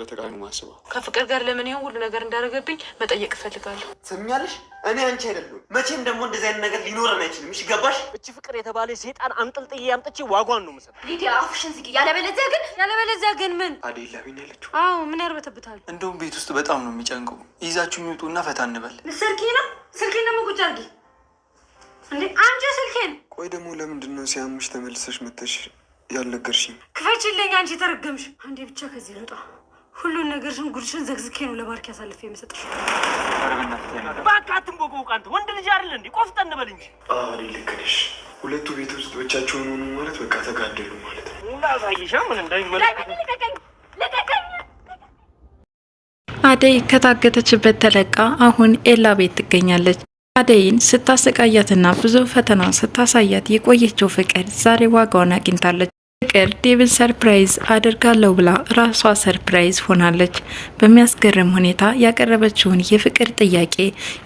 በተቃራኒ ነው ማስበው። ከፍቅር ጋር ለምን ይሆን ሁሉ ነገር እንዳደረገብኝ መጠየቅ እፈልጋለሁ። ሰሚያለሽ፣ እኔ አንቺ አይደለሁም። መቼም ደግሞ እንደዚህ አይነት ነገር ሊኖረን አይችልም። እሺ ገባሽ? እቺ ፍቅር የተባለ ሴጣን አምጥልጥዬ አምጥቼ ዋጓን ነው የምሰጠው። ሊዲ አፍሽን ዝጊ። ያለበለዚያ ግን ያለበለዚያ ግን ምን አዴላ ቢን ያለችው? አዎ ምን ያርበተብታል? እንደውም ቤት ውስጥ በጣም ነው የሚጨንቀው። ይዛችሁ የሚውጡና ፈታ እንበል። ስልኬ ነው ስልኬ ደግሞ ቁጭ አርጊ እንዴ አንቺ ስልኬን። ቆይ ደግሞ ለምንድን ነው ሲያምሽ ተመልሰሽ መተሽ ያልነገርሽኝ? ክፈችልኝ አንቺ ተረገምሽ። አንዴ ብቻ ከዚህ ልውጣ። ሁሉን ነገርሽን ጉድሽን ዘግዝኬ ነው ለባርክ ያሳልፍ የምሰጥሽ። በቃ አትንቦቆቅ። አንተ ወንድ ልጅ አይደል እንዴ? ቆፍጠን በል እንጂ። እኔ ልክ ነሽ። ሁለቱ ቤት ውስጥ ብቻቸውን ሆኑ ማለት በቃ ተጋደሉ ማለት ነው። ላሳይሻ ምን እንደሚመለከት አደይ ከታገተችበት ተለቃ አሁን ኤላ ቤት ትገኛለች። አደይን ስታሰቃያትና ብዙ ፈተና ስታሳያት የቆየችው ፍቅር ዛሬ ዋጋውን አግኝታለች። ፍቅር ዴቭን ሰርፕራይዝ አደርጋለሁ ብላ ራሷ ሰርፕራይዝ ሆናለች። በሚያስገርም ሁኔታ ያቀረበችውን የፍቅር ጥያቄ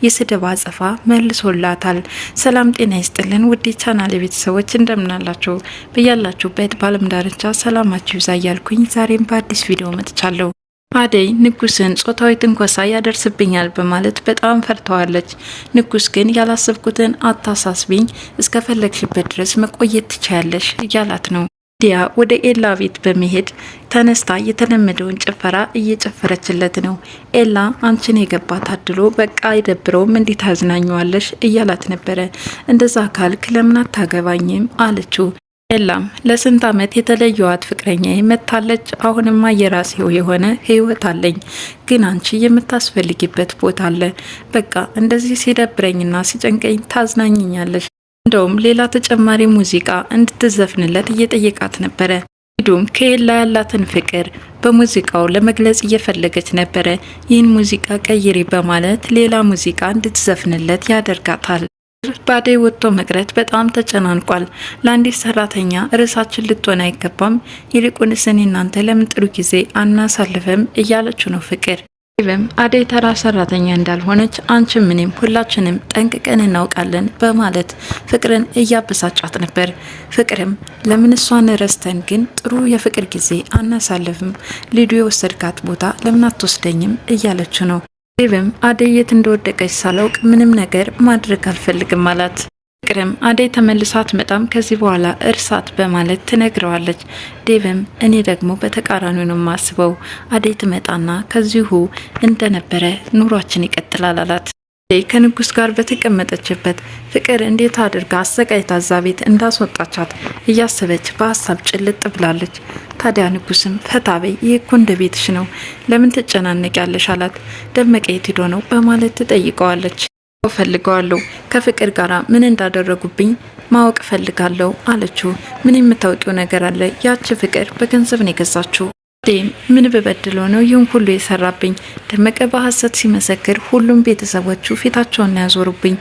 የስድብ አጸፋ መልሶላታል። ሰላም ጤና ይስጥልን ውድ ቻናል ቤተሰቦች እንደምናላችሁ በያላችሁበት በዓለም ዳርቻ ሰላማችሁ ይብዛ እያልኩኝ ዛሬም በአዲስ ቪዲዮ መጥቻለሁ። አደይ ንጉስን ጾታዊ ትንኮሳ ያደርስብኛል በማለት በጣም ፈርተዋለች። ንጉስ ግን ያላሰብኩትን አታሳስቢኝ፣ እስከፈለግሽበት ድረስ መቆየት ትችያለሽ እያላት ነው። ዲያ ወደ ኤላ ቤት በመሄድ ተነስታ የተለመደውን ጭፈራ እየጨፈረችለት ነው። ኤላ አንቺን የገባ ታድሎ በቃ አይደብረውም እንዴት ታዝናኘዋለሽ እያላት ነበረ። እንደዛ ካልክ ለምን አታገባኝም አለችው። ኤላም ለስንት ዓመት የተለየዋት ፍቅረኛ መታለች። አሁንማ የራሴው የሆነ ህይወት አለኝ፣ ግን አንቺ የምታስፈልጊበት ቦታ አለ። በቃ እንደዚህ ሲደብረኝና ሲጨንቀኝ ታዝናኝኛለሽ እንደውም ሌላ ተጨማሪ ሙዚቃ እንድትዘፍንለት እየጠየቃት ነበረ። ሊዱም ከኤላ ያላትን ፍቅር በሙዚቃው ለመግለጽ እየፈለገች ነበረ። ይህን ሙዚቃ ቀይሪ በማለት ሌላ ሙዚቃ እንድትዘፍንለት ያደርጋታል። በአደይ ወጥቶ መቅረት በጣም ተጨናንቋል። ለአንዲት ሰራተኛ ርዕሳችን ልትሆን አይገባም፣ ይልቁንስ እኔ እናንተ ለምን ጥሩ ጊዜ አናሳልፈም እያለችው ነው ፍቅር ኢቭም አደይ ተራ ሰራተኛ እንዳልሆነች አንቺም እኔም ሁላችንም ጠንቅቀን እናውቃለን በማለት ፍቅርን እያበሳጫት ነበር። ፍቅርም ለምን እሷን ረስተን ግን ጥሩ የፍቅር ጊዜ አናሳልፍም? ሊዱ የወሰድካት ቦታ ለምን አትወስደኝም? እያለች ነው። ኢቭም አደይ የት እንደወደቀች ሳላውቅ ምንም ነገር ማድረግ አልፈልግም አላት። ፍቅርም አደይ ተመልሳ አትመጣም ከዚህ በኋላ እርሳት በማለት ትነግረዋለች። ዴቭም እኔ ደግሞ በተቃራኒው ነው የማስበው፣ አደይ ትመጣና ከዚሁ እንደነበረ ኑሯችን ይቀጥላል አላት። ከንጉስ ጋር በተቀመጠችበት ፍቅር እንዴት አድርጋ አሰቃይታ እዛ ቤት እንዳስወጣቻት እያሰበች በሀሳብ ጭልጥ ብላለች። ታዲያ ንጉስም ፈታበይ ይህ እኮ እንደ ቤትሽ ነው፣ ለምን ትጨናነቂያለሽ? አላት። ደመቀ የት ሄዶ ነው በማለት ትጠይቀዋለች። እፈልገዋለሁ ከፍቅር ጋር ምን እንዳደረጉብኝ ማወቅ ፈልጋለሁ አለችው። ምን የምታውቂው ነገር አለ? ያቺ ፍቅር በገንዘብ ነው የገዛችው። አዴም ምን ብበድለው ነው ይህን ሁሉ የሰራብኝ? ደመቀ በሐሰት ሲመሰክር ሁሉም ቤተሰቦቹ ፊታቸውን ያዞሩብኝ።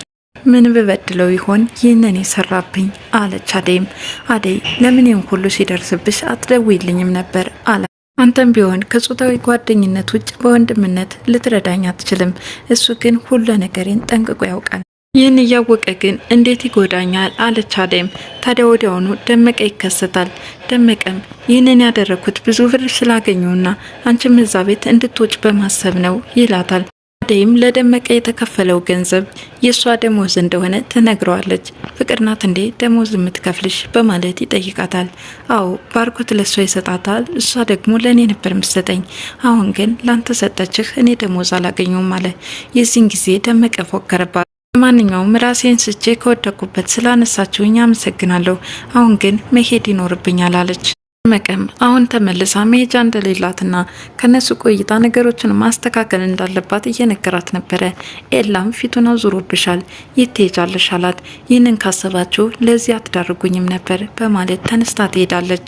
ምን ብበድለው ይሆን ይህንን የሰራብኝ? አለች አዴም። አዴ ለምን ይህን ሁሉ ሲደርስብሽ አትደውይልኝም ነበር አለ አንተም ቢሆን ከጾታዊ ጓደኝነት ውጭ በወንድምነት ልትረዳኝ አትችልም። እሱ ግን ሁሉ ነገሬን ጠንቅቆ ያውቃል። ይህን እያወቀ ግን እንዴት ይጎዳኛል አለች አደይም። ታዲያ ወዲያውኑ ደመቀ ይከሰታል። ደመቀም ይህንን ያደረኩት ብዙ ብር ስላገኘውና አንቺም እዛ ቤት እንድትወጭ በማሰብ ነው ይላታል። አደይም ለደመቀ የተከፈለው ገንዘብ የእሷ ደሞዝ እንደሆነ ትነግረዋለች። ፍቅር ናት እንዴ ደሞዝ የምትከፍልሽ በማለት ይጠይቃታል። አዎ ባርኮት ለእሷ ይሰጣታል፣ እሷ ደግሞ ለእኔ ነበር የምትሰጠኝ። አሁን ግን ላንተ ሰጠችህ፣ እኔ ደሞዝ አላገኘውም አለ። የዚህን ጊዜ ደመቀ ፎከረባት። ማንኛውም ራሴን ስቼ ከወደቁበት ስላነሳችሁኝ አመሰግናለሁ፣ አሁን ግን መሄድ ይኖርብኛል አለች። መቀም አሁን ተመልሳ መሄጃ እንደሌላትና ከነሱ ቆይታ ነገሮችን ማስተካከል እንዳለባት እየነገራት ነበረ። ኤላም ፊቱን አዙሮብሻል፣ የት ትሄጃለሽ አላት። ይህንን ካሰባችሁ ለዚህ አትዳርጉኝም ነበር በማለት ተነስታ ትሄዳለች።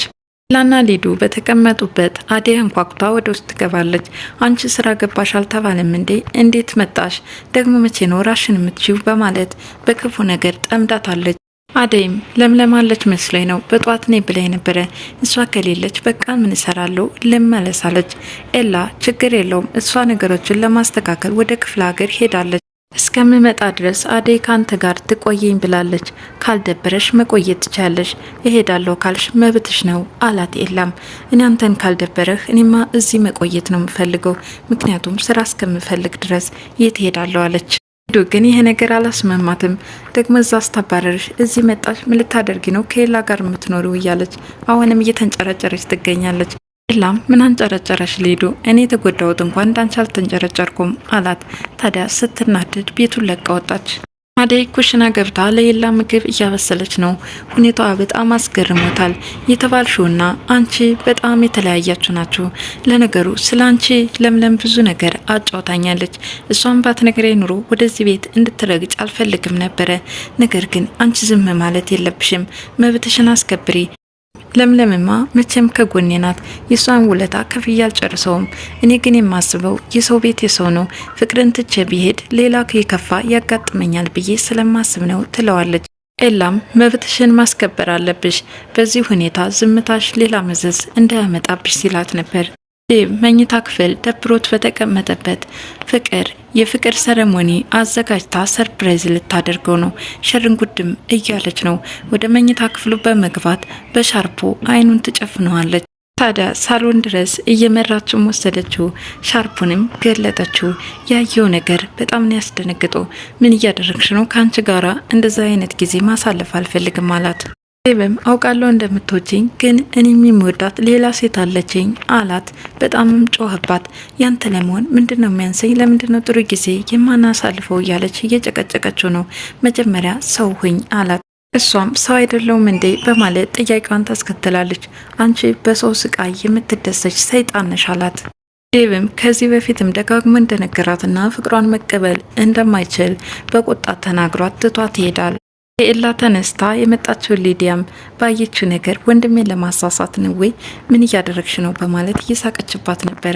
ላና ሊዱ በተቀመጡበት አዴ እንኳኩታ ወደ ውስጥ ትገባለች። አንቺ ስራ ገባሽ አልተባለም እንዴ? እንዴት መጣሽ ደግሞ? መቼ ነው ራሽን የምትችው? በማለት በክፉ ነገር ጠምዳታለች። አደይም ለምለም አለች መስሎኝ ነው በጠዋት እኔ ብላኝ ነበረ። እሷ ከሌለች በቃ ምን እሰራለሁ ልመለሳለች። ኤላ ችግር የለውም እሷ ነገሮችን ለማስተካከል ወደ ክፍለ ሀገር ሄዳለች። እስከምመጣ ድረስ አደይ ከአንተ ጋር ትቆየኝ ብላለች። ካልደበረሽ መቆየት ትቻለሽ፣ እሄዳለሁ ካልሽ መብትሽ ነው አላት። የላም እኔ አንተን ካልደበረህ እኔማ እዚህ መቆየት ነው የምፈልገው፣ ምክንያቱም ስራ እስከምፈልግ ድረስ የት ሄዳለሁ አለች። ሄዶ ግን ይሄ ነገር አላስመማትም። ደግሞ እዛ አስታባረርሽ፣ እዚህ መጣሽ፣ ምን ልታደርጊ ነው ከሌላ ጋር የምትኖሪው እያለች አሁንም እየተንጨረጨረች ትገኛለች። ላም ምን አንጨረጨረሽ ሊዱ፣ እኔ የተጎዳሁት እንኳን እንዳንቺ አልተንጨረጨርኩም አላት። ታዲያ ስትናደድ ቤቱን ለቃ ወጣች። አደይ ኩሽና ገብታ ለሌላ ምግብ እያበሰለች ነው። ሁኔታዋ በጣም አስገርሞታል። የተባልሽውና አንቺ በጣም የተለያያችሁ ናችሁ። ለነገሩ ስለ አንቺ ለምለም ብዙ ነገር አጫውታኛለች። እሷም ባትነግረኝ ኑሮ ወደዚህ ቤት እንድትረግጭ አልፈልግም ነበረ። ነገር ግን አንቺ ዝም ማለት የለብሽም፣ መብትሽን አስከብሪ ለምለምማ መቼም ከጎኔ ናት። የእሷን ውለታ ከፍዬ አልጨርሰውም። እኔ ግን የማስበው የሰው ቤት የሰው ነው፣ ፍቅርን ትቼ ቢሄድ ሌላ የከፋ ያጋጥመኛል ብዬ ስለማስብ ነው ትለዋለች። ኤላም መብትሽን ማስከበር አለብሽ፣ በዚህ ሁኔታ ዝምታሽ ሌላ መዘዝ እንዳያመጣብሽ ሲላት ነበር። ዴቭ መኝታ ክፍል ደብሮት በተቀመጠበት ፍቅር የፍቅር ሰረሞኒ አዘጋጅታ ሰርፕራይዝ ልታደርገው ነው። ሸርንጉድም እያለች ነው። ወደ መኝታ ክፍሉ በመግባት በሻርፖ አይኑን ትጨፍነዋለች። ታዲያ ሳሎን ድረስ እየመራችው ወሰደችው። ሻርፑንም ገለጠችው። ያየው ነገር በጣም ነው ያስደነግጠው። ምን እያደረግሽ ነው? ከአንቺ ጋራ እንደዛ አይነት ጊዜ ማሳለፍ አልፈልግም አላት። ዴብም አውቃለሁ እንደምትወጂኝ ግን እኔ የሚወዳት ሌላ ሴት አለችኝ አላት። በጣምም ጮኸባት። ያንተ ለመሆን ምንድን ነው የሚያንሰኝ? ለምንድን ነው ጥሩ ጊዜ የማናሳልፈው? እያለች እየጨቀጨቀችው ነው። መጀመሪያ ሰው ሁኝ አላት። እሷም ሰው አይደለውም እንዴ በማለት ጥያቄዋን ታስከትላለች። አንቺ በሰው ስቃይ የምትደሰች ሰይጣን ነሽ አላት። ዴብም ከዚህ በፊትም ደጋግሞ እንደነገራትና ፍቅሯን መቀበል እንደማይችል በቁጣ ተናግሯት ትቷ ትሄዳል። ኤላ ተነስታ የመጣችው ሊዲያም ባየችው ነገር ወንድሜን ለማሳሳት ነው ወይ ምን እያደረግሽ ነው በማለት እየሳቀችባት ነበረ።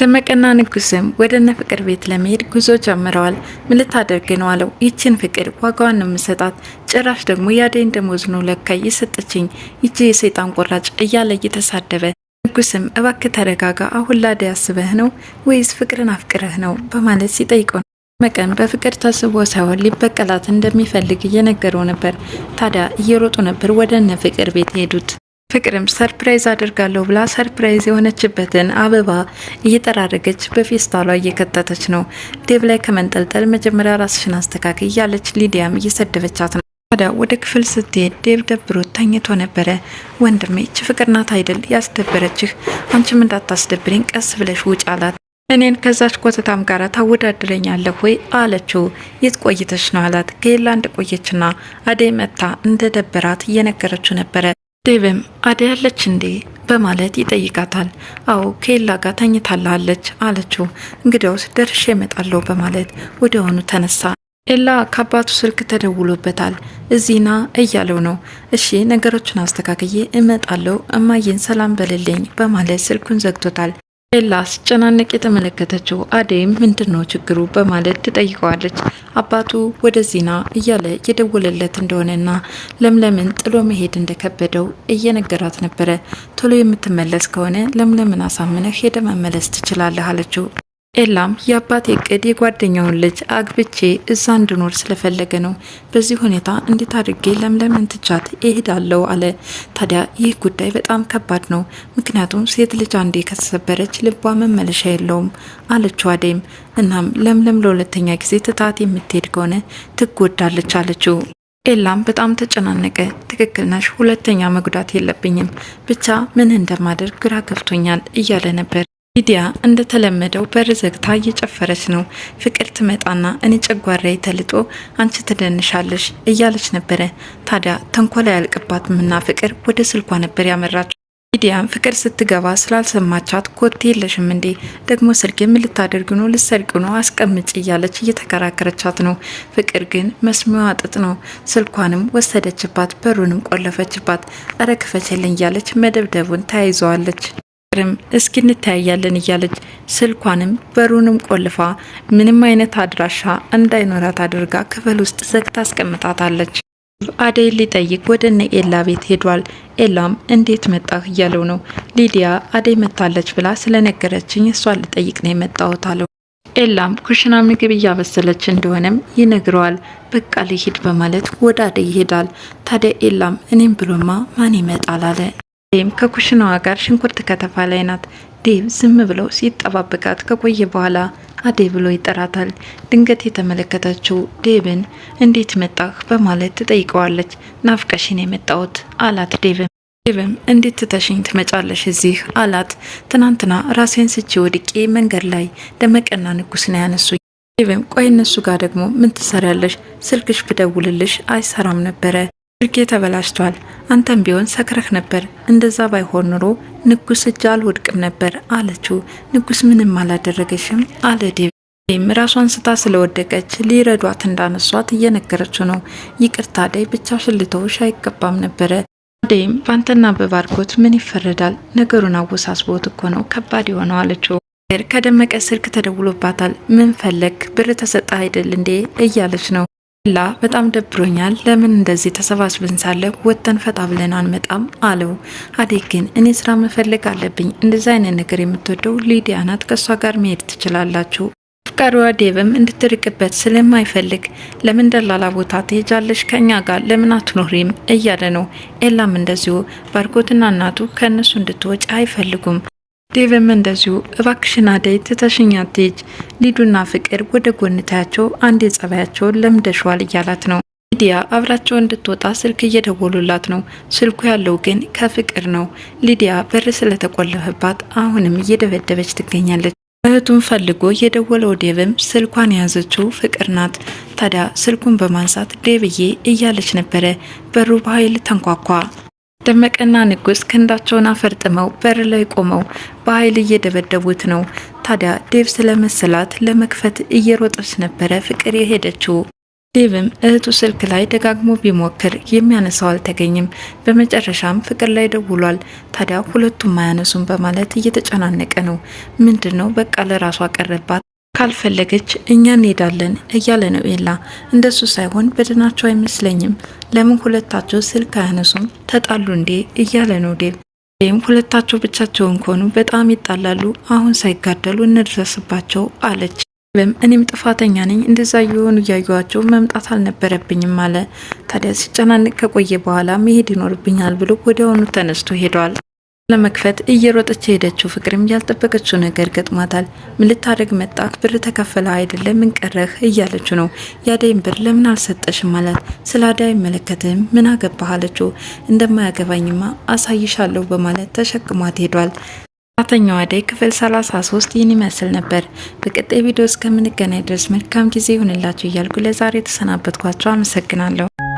ደመቀና ንጉስም ወደ እነ ፍቅር ቤት ለመሄድ ጉዞ ጀምረዋል። ምን ልታደርግ ነው አለው። ይችን ፍቅር ዋጋዋን ነው የምሰጣት፣ ጭራሽ ደግሞ የአደይን ደሞዝ ነው ለካ እየሰጠችኝ፣ ይቺ የሰይጣን ቆራጭ እያለ እየተሳደበ ንጉስም እባክህ ተረጋጋ፣ አሁን ላደይ አስበህ ነው ወይስ ፍቅርን አፍቅረህ ነው በማለት ሲጠይቀው መቀን በፍቅር ተስቦ ሳይሆን ሊበቀላት እንደሚፈልግ እየነገረው ነበር። ታዲያ እየሮጡ ነበር ወደ እነ ፍቅር ቤት ሄዱት። ፍቅርም ሰርፕራይዝ አድርጋለሁ ብላ ሰርፕራይዝ የሆነችበትን አበባ እየጠራረገች በፌስታሏ እየከተተች ነው። ዴቭ ላይ ከመንጠልጠል መጀመሪያ ራስሽን አስተካክ እያለች ሊዲያም እየሰደበቻት ነው። ታዲያ ወደ ክፍል ስትሄድ ዴቭ ደብሮ ተኝቶ ነበረ። ወንድሜ ይች ፍቅር ናት አይደል ያስደበረችህ? አንቺም እንዳታስደብሪኝ ቀስ ብለሽ ውጭ አላት። እኔን ከዛች ኮተታም ጋር ታወዳድረኛለህ ወይ አለችው። የት ቆይተሽ ነው አላት። ከየላንድ ቆየችና አደይ መታ እንደ ደበራት እየነገረችው ነበረ። ዴብም አደይ አለች እንዴ በማለት ይጠይቃታል። አዎ ከየላ ጋር ተኝታላለች አለችው። እንግዲያውስ ደርሼ እመጣለሁ በማለት ወዲያውኑ ተነሳ። ኤላ ከአባቱ ስልክ ተደውሎበታል። እዚህና እያለው ነው። እሺ ነገሮችን አስተካክዬ እመጣለሁ እማዬን ሰላም በልልኝ በማለት ስልኩን ዘግቶታል። ኤላ ስጨናነቅ የተመለከተችው አደይም ምንድን ነው ችግሩ በማለት ትጠይቀዋለች። አባቱ ዚና እያለ እየደወለለት እንደሆነና ለምለምን ጥሎ መሄድ እንደከበደው እየነገራት ነበረ። ቶሎ የምትመለስ ከሆነ ለምለምን አሳምነህ ሄደ መመለስ ትችላለህ አለችው። ኤላም የአባቴ እቅድ የጓደኛውን ልጅ አግብቼ እዛ እንድኖር ስለፈለገ ነው። በዚህ ሁኔታ እንዴት አድርጌ ለምለምን ትቻት እሄዳለሁ አለ። ታዲያ ይህ ጉዳይ በጣም ከባድ ነው፣ ምክንያቱም ሴት ልጅ አንዴ ከተሰበረች ልቧ መመለሻ የለውም አለችው አደይም። እናም ለምለም ለሁለተኛ ጊዜ ትታት የምትሄድ ከሆነ ትጎዳለች አለችው። ኤላም በጣም ተጨናነቀ። ትክክል ነሽ፣ ሁለተኛ መጉዳት የለብኝም ብቻ ምን እንደማደርግ ግራ ገብቶኛል እያለ ነበር ሊዲያ እንደተለመደው በር ዘግታ እየጨፈረች ነው። ፍቅር ትመጣና እኔ ጨጓራዬ ተልጦ አንቺ ትደንሻለሽ እያለች ነበረ። ታዲያ ተንኮላ ያልቅባትምና ፍቅር ወደ ስልኳ ነበር ያመራች። ሊዲያም ፍቅር ስትገባ ስላልሰማቻት ኮቴ የለሽም እንዴ ደግሞ ስልክ የምልታደርግ ነው ልሰርቅ ነው አስቀምጭ እያለች እየተከራከረቻት ነው። ፍቅር ግን መስሚዋ ጥጥ ነው። ስልኳንም ወሰደችባት፣ በሩንም ቆለፈችባት። እረ ክፈችልኝ እያለች መደብደቡን ተያይዘዋለች። ፍቅርም እስኪ እንተያያለን እያለች ስልኳንም በሩንም ቆልፋ ምንም አይነት አድራሻ እንዳይኖራት አድርጋ ክፍል ውስጥ ዘግታ አስቀምጣታለች። አደይ ሊጠይቅ ወደ እነ ኤላ ቤት ሄዷል። ኤላም እንዴት መጣህ እያለው ነው። ሊዲያ አደይ መታለች ብላ ስለነገረችኝ እሷን ልጠይቅ ነው የመጣሁት አለው። ኤላም ኩሽና ምግብ እያበሰለች እንደሆነም ይነግረዋል። በቃ ልሂድ በማለት ወደ አደይ ይሄዳል። ታዲያ ኤላም እኔም ብሎማ ማን ይመጣል አለ። ዴም ከኩሽናዋ ጋር ሽንኩርት ከተፋ ላይ ናት። ዴብ ዝም ብለው ሲጠባበቃት ከቆየ በኋላ አዴ ብሎ ይጠራታል። ድንገት የተመለከተችው ዴብን እንዴት መጣህ በማለት ትጠይቀዋለች። ናፍቀሽን የመጣሁት አላት። ዴብ ዴብም እንዴት ትተሽኝ ትመጫለሽ እዚህ አላት። ትናንትና ራሴን ስቼ ወድቄ መንገድ ላይ ደመቀና ንጉስ ነው ያነሱኝ። ዴብም ቆይ እነሱ ጋር ደግሞ ምን ትሰሪያለሽ? ስልክሽ ብደውልልሽ አይሰራም ነበረ እርጌ ተበላሽቷል። አንተም ቢሆን ሰክረህ ነበር። እንደዛ ባይሆን ኑሮ ንጉስ እጅ አልወድቅም ነበር አለችው። ንጉስ ምንም አላደረገሽም አለ ዴቭ። ራሷን ስታ ስለወደቀች ሊረዷት እንዳነሷት እየነገረችው ነው። ይቅርታ አደይ፣ ብቻሽን ልተውሽ አይገባም ነበረ። አደይም በአንተና በባርኮት ምን ይፈረዳል? ነገሩን አወሳስቦት እኮ ነው ከባድ የሆነው አለችው። ከደመቀ ስልክ ተደውሎባታል። ምን ፈለግ? ብር ተሰጠ አይደል እንዴ እያለች ነው ላ በጣም ደብሮኛል። ለምን እንደዚህ ተሰባስበን ሳለ ወጥተን ፈጣ ብለን አንመጣም አለው። አዴ ግን እኔ ስራ መፈለግ አለብኝ። እንደዚ አይነት ነገር የምትወደው ሊዲያ ናት። ከእሷ ጋር መሄድ ትችላላችሁ። አፍቃሪዋ ዴብም እንድትርቅበት ስለማይፈልግ ለምን ደላላ ቦታ ትሄጃለሽ? ከእኛ ጋር ለምን አትኖሪም እያለ ነው። ኤላም እንደዚሁ ባርኮትና እናቱ ከእነሱ እንድትወጪ አይፈልጉም። ዴቭም እንደዚሁ እባክሽን አደይ ትተሽኛ ሊዱና ፍቅር ወደ ጎንታያቸው አንዴ ጸባያቸውን ለምደሸዋል እያላት ነው። ሊዲያ አብራቸው እንድትወጣ ስልክ እየደወሉላት ነው። ስልኩ ያለው ግን ከፍቅር ነው። ሊዲያ በር ስለተቆለፈባት አሁንም እየደበደበች ትገኛለች። እህቱን ፈልጎ የደወለው ዴቭም ስልኳን የያዘችው ፍቅር ናት። ታዲያ ስልኩን በማንሳት ዴቭዬ እያለች ነበረ። በሩ በኃይል ተንኳኳ። ደመቀና ንጉስ ክንዳቸውን አፈርጥመው በር ላይ ቆመው በኃይል እየደበደቡት ነው። ታዲያ ዴቭ ስለመሰላት ለመክፈት እየሮጠች ነበረ ፍቅር የሄደችው። ዴቭም እህቱ ስልክ ላይ ደጋግሞ ቢሞክር የሚያነሳው አልተገኝም። በመጨረሻም ፍቅር ላይ ደውሏል። ታዲያ ሁለቱም አያነሱም በማለት እየተጨናነቀ ነው። ምንድን ነው በቃ ለራሱ አቀረባት። ካልፈለገች እኛ እንሄዳለን እያለ ነው ኤላ። እንደሱ ሳይሆን በድናቸው አይመስለኝም። ለምን ሁለታቸው ስልክ አያነሱም? ተጣሉ እንዴ? እያለ ነው ዴ ዴም ሁለታቸው ብቻቸውን ከሆኑ በጣም ይጣላሉ። አሁን ሳይጋደሉ እንድረስባቸው አለች። ም እኔም ጥፋተኛ ነኝ፣ እንደዛ የሆኑ እያዩዋቸው መምጣት አልነበረብኝም አለ። ታዲያ ሲጨናንቅ ከቆየ በኋላ መሄድ ይኖርብኛል ብሎ ወዲያውኑ ተነስቶ ሄዷል። ለመክፈት እየሮጠች የሄደችው ፍቅርም ያልጠበቀችው ነገር ገጥሟታል። ምን ልታደርግ መጣ ብር ተከፈለ አይደለም ምን ቀረህ? እያለችው ነው። የአደይን ብር ለምን አልሰጠሽም አላት። ስለ አደይ አይመለከትም ምን አገባህ አለችው። እንደማያገባኝማ አሳይሻለሁ በማለት ተሸክሟት ሄዷል። ሰራተኛዋ አደይ ክፍል 33 ይህን ይመስል ነበር። በቀጣይ ቪዲዮ እስከምንገናኝ ድረስ መልካም ጊዜ ይሁንላችሁ እያልኩ ለዛሬ የተሰናበትኳቸው አመሰግናለሁ።